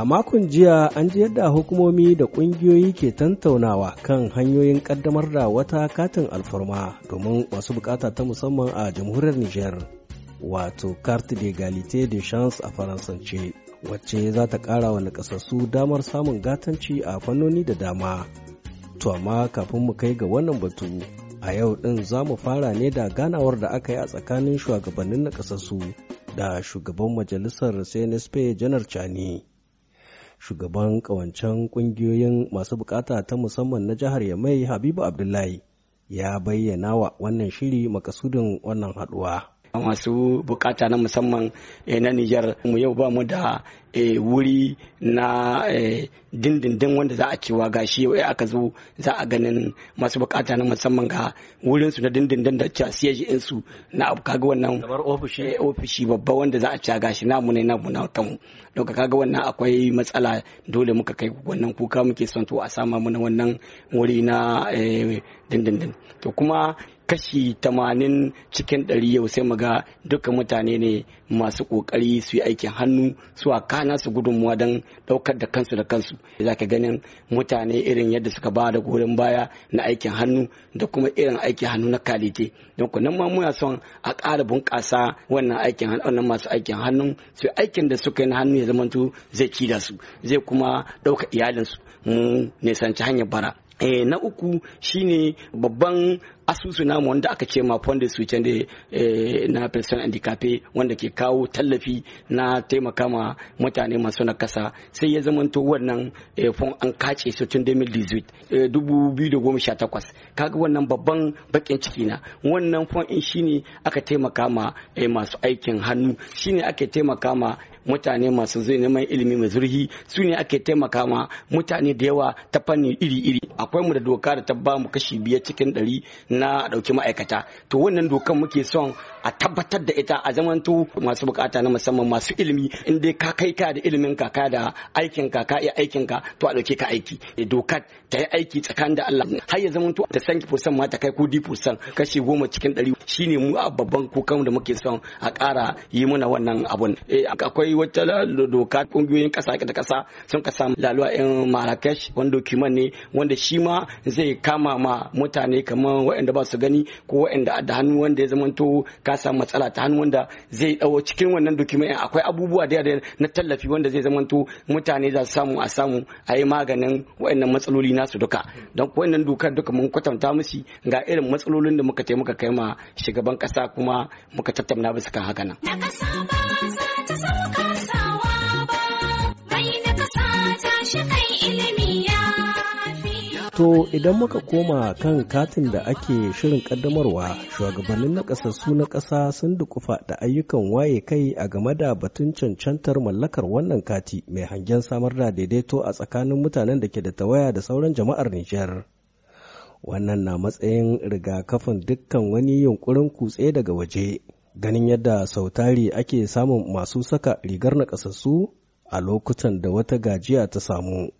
A makon jiya an ji yadda hukumomi da ƙungiyoyi ke tantaunawa kan hanyoyin ƙaddamar da wata katin alfarma domin masu bukata ta musamman a jamhuriyar Nijar, wato carte d'égalité de chance a faransance, wacce za ta ƙara wa nakasassu damar samun gatanci a fannoni da dama. To amma kafin mu kai ga wannan batu, a yau ɗin za mu fara ne da ganawar da aka yi a tsakanin shugabannin nakasassu da shugaban majalisar CNSP Janar Chani. shugaban kawancen kungiyoyin masu bukata ta musamman na jihar Yamai Habibu Abdullahi ya bayyana wa wannan shiri makasudin wannan haduwa. masu bukata na musamman eh, na Nijar mu yau ba mu da Eh, wuri na eh, dindindin wanda za a cewa gashi yau aka zo za a ganin masu bukata na musamman ga wurinsu na dindindin da cewa siyaji shi su na abu kaga wannan eh, ofishi babba wanda za a cewa gashi namu ne namu na mu daga kaga wannan akwai matsala dole muka kai wannan kuka muke son to a sama mana wannan wuri na dindindin to kuma kashi tamanin cikin ɗari yau sai mu ga dukkan mutane ne masu ƙoƙari su yi aikin hannu su a ka nasu gudunmuwa don daukar da kansu da kansu za ka ganin mutane irin yadda suka ba da goyon baya na aikin hannu da kuma irin aikin hannu na kalite don ku ma muna son a ƙara bunƙasa wannan aikin hannu masu aikin hannu su aikin da suka yi na hannu ya zamanto zai kida su zai kuma ɗauka iyalinsu mu nisanci hanyar bara eh, na uku shine babban asusu namu wanda aka ce ma fonde su de eh, na person handicap wanda ke kawo tallafi na taimaka ma mutane masu na kasa sai ya zamanto wannan eh, fon an kace su tun 2018 2018 eh, kaga wannan babban bakin ciki na wannan fon in shine aka taimaka ma masu aikin hannu shine ake taimaka ma mutane masu zai neman ilimi mai zurhi su ne ake taimaka ma mutane da yawa ta fanni iri-iri akwai mu da doka da ta ba mu kashi biyar cikin ɗari na dauki ma'aikata to wannan dokan muke son a tabbatar da ita a zamanto masu bukata na musamman masu ilimi in dai ka kai ka da ilimin ka ka da aikin ka ka iya aikin ka to a dauke ka aiki eh, dokar ta yi aiki tsakanin da Allah har ya zamanto da sanki fursan ma ta kai ko difusan kashi goma cikin ɗari shine mu a babban kokan da muke son a ƙara yi mana wannan abun eh, akwai wata doka kungiyoyin ƙasa da ƙasa sun ka samu laluwa in Marrakesh wani dokiman ne wanda shi ma zai kama ma mutane kamar waɗanda ba su gani ko waɗanda da hannu wanda ya zamanto ka samu matsala ta hannu wanda zai ɗawo cikin wannan dokumen akwai abubuwa da yawa na tallafi wanda zai zamanto mutane za su samu a samu a yi maganin waɗannan matsaloli nasu duka don ko wannan dokar duka mun kwatanta musu ga irin matsalolin da muka taimaka kai ma shugaban kasa kuma muka tattauna bisa kan haka nan. ta To idan muka koma kan katin da ake shirin kaddamarwa shugabannin nakasassu na ƙasa sun dukufa da ayyukan waye kai a game da batun cancantar mallakar wannan kati mai hangen samar da daidaito a tsakanin mutanen da ke da tawaya da sauran jama'ar Nijar. Wannan na matsayin rigakafin dukkan wani yunkurin kutse daga waje. Ganin yadda sautari ake samun masu saka rigar nakasassu a lokutan da wata gajiya ta samu.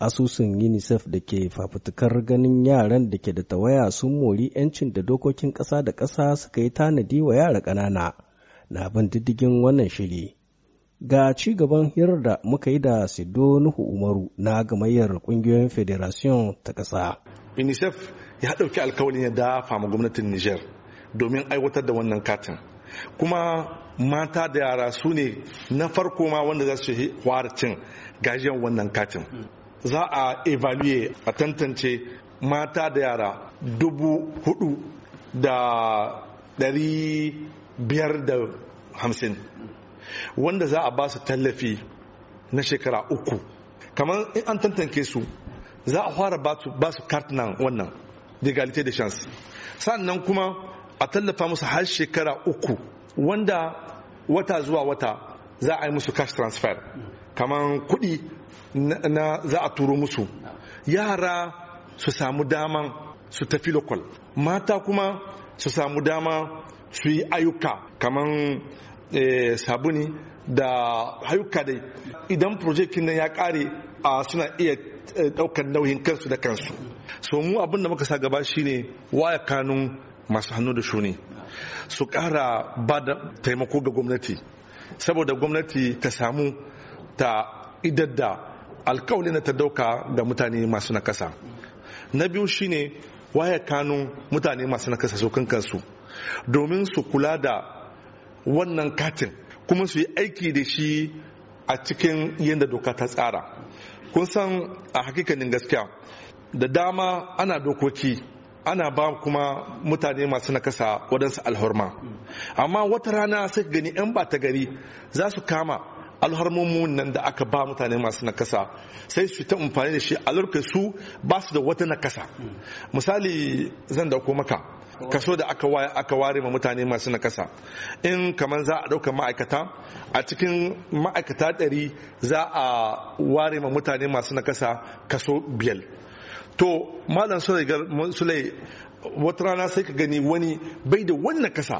asusun unicef da ke fafutukar ganin yaran da ke da tawaya sun mori 'yancin da dokokin ƙasa da kasa suka yi tanadi wa yara ƙanana na bin diddigin wannan shiri ga ci gaban hirar da muka yi da sido nuhu umaru na gamayyar ƙungiyoyin federation ta ƙasa unicef ya ɗauki alkawalin ya dafa ma gwamnatin niger domin aiwatar da wannan katin kuma mata da yara su ne na farko ma wanda za su fara cin gajiyar wannan katin za a evaluate a tantance mata da yara dubu hudu da dari biyar da hamsin wanda za a ba su tallafi na shekara uku kamar in an tantance su za a fara ba su kartunan wannan legalite da chance sannan kuma a tallafa musu har shekara uku wanda wata zuwa wata za a yi musu cash transfer kamar kuɗi na za a turo musu yara su samu daman su tafi lokal mata kuma su samu dama su yi ayyuka kamar eh, sabuni da ayyuka dai idan projekin nan ya kare a suna iya daukar eh, nauyin kansu da kansu so mu da muka sa gaba shine waya kanun masu hannu da shuni su kara ba da taimako ga gwamnati saboda gwamnati ta samu ta idar da alkawalin da ta dauka da mutane masu nakasa na biyu shine waye kanu mutane masu nakasa su kansu domin su kula da wannan katin kuma su yi aiki da shi a cikin yadda doka ta tsara kun san a hakikanin gaskiya da dama ana dokoki ana ba kuma mutane masu nakasa waɗansu alhorma amma wata rana sai gani 'yan ba ta gari za su kama alharmomin nan da aka ba mutane masu nakasa sai su ta amfani da shi a lurka su ba su da wata nakasa misali zan dauko maka kaso da aka waye aka ware ma mutane masu nakasa in kamar za a ɗauka ma'aikata a cikin ma'aikata ɗari za a ware ma mutane masu nakasa kaso biyar to malam sulai wata rana sai ka gani wani bai da wani nakasa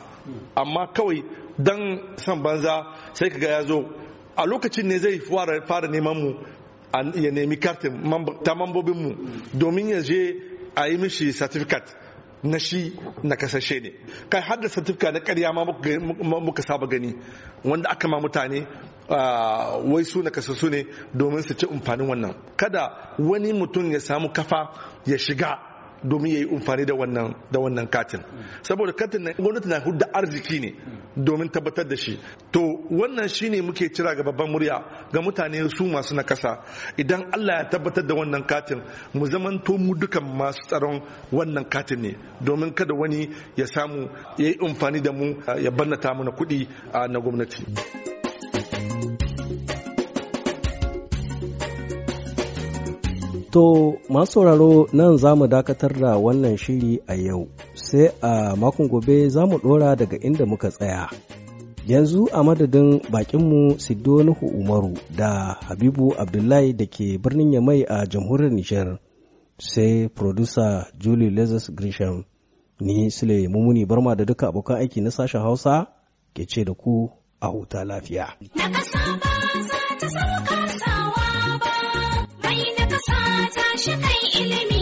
amma kawai dan san banza sai ka ga ya zo a lokacin ne zai fara neman mu ya nemi kartin ta mambobin mu domin ya je a yi mishi satifikat na shi na kasashe ne kai har da satifika na karya ma muka saba gani wanda aka ma mutane wai su na kasasu ne domin su ci amfanin wannan kada wani mutum ya samu kafa ya shiga domin ya yi umfani da wannan katin saboda katin na gwamnati na hudda arziki ne domin tabbatar da shi to wannan shi ne muke cira ga babban murya ga mutane su masu na kasa idan Allah ya tabbatar da wannan katin mu zamanto mu dukan masu tsaron wannan katin ne domin kada wani ya samu ya yi umfani da mu ya bannata mana kuɗi ah, na gwamnati. To masu sauraro nan za mu dakatar da wannan shiri a yau, sai a makon gobe za mu ɗora daga inda muka tsaya. Yanzu a madadin bakinmu Siddo Nuhu Umaru da Habibu Abdullahi da ke birnin Yamai a jamhuriyar Nijar, sai producer Julie Lazarus Grisham, ni Sule Mumuni Barma da duka abokan aiki na sashen Hausa ke ce da ku a huta lafiya. Na ƙasa ba za ta sauka sawa. matasa ta shi kai ilimi